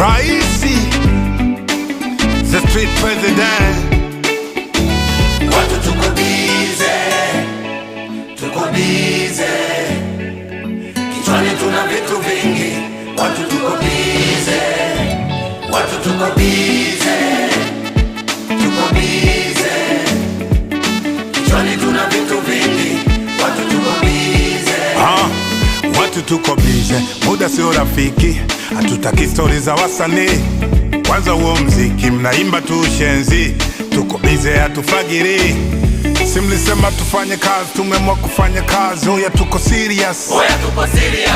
Raisi the street president, watu tuko bize, tuko bize, kichwani tuna vitu vingi, watu tuko bize, watu tuko bize wetu tuko bize, muda sio rafiki, hatutaki stori za wasanii. Kwanza huo mziki mnaimba tu ushenzi, tuko bize, hatufagiri simlisema tufanye kazi, tumeamua kufanya kazi, oya tuko serious. Oya tuko serious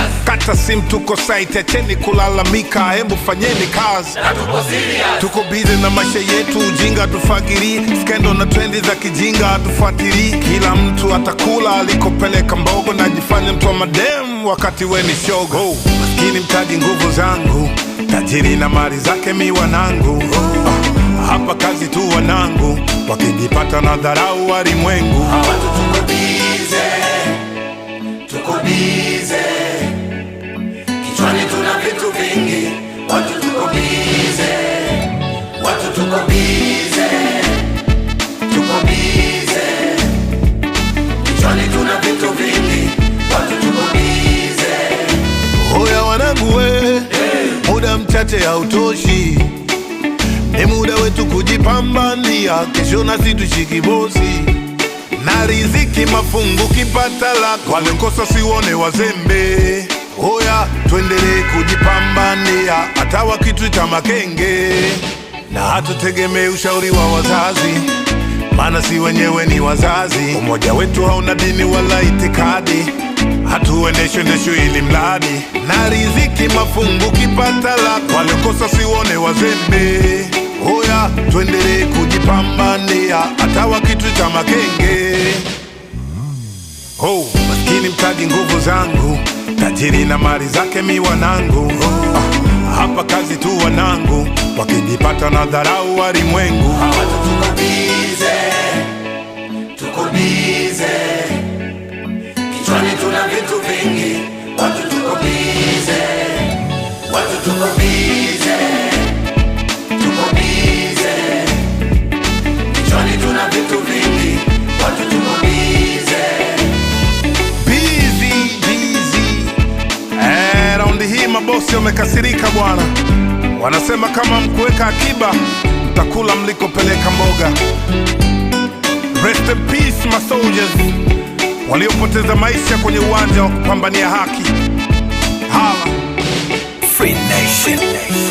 hata simu tuko site, kulalamika, hebu fanyeni kazi. Tuko bize na maisha yetu, ujinga hatufagirii, skendo na trendi za kijinga hatufuatilii. Kila mtu atakula alikopeleka mbogo, najifanya mtu wa madem wakati we ni shogo. Maskini mtaji nguvu zangu, tajiri na mali zake mi wanangu. Ah, hapa kazi tu wanangu, wakijipata na dharau walimwengu. Watu tuko tuko chache hautoshi, ni muda wetu kujipambania, kesho nasi tushiki bosi na riziki mafungu kipata lako, waliokosa siwone wazembe. Oya, tuendelee kujipambania hata wakitu cha makenge, na hatutegemee ushauri wa wazazi, maana si wenyewe ni wazazi. Umoja wetu hauna dini wala itikadi hatuendeshi endesho ili mlani na riziki mafungu kipata lako, waliokosa siwone wazembe. Hoya tuendelee kujipambania hata wa kitu cha makenge. Oh, maskini mtaji nguvu zangu, tajiri na mali zake mi wanangu. Oh, ah, hapa kazi tu wanangu, wakijipata na dharau walimwengu hawatukabidhi mabosi wamekasirika bwana, wanasema kama mkuweka akiba mtakula mlikopeleka mboga. Rest in peace my soldiers, waliopoteza maisha kwenye uwanja wa kupambania haki. Hala Free Nation.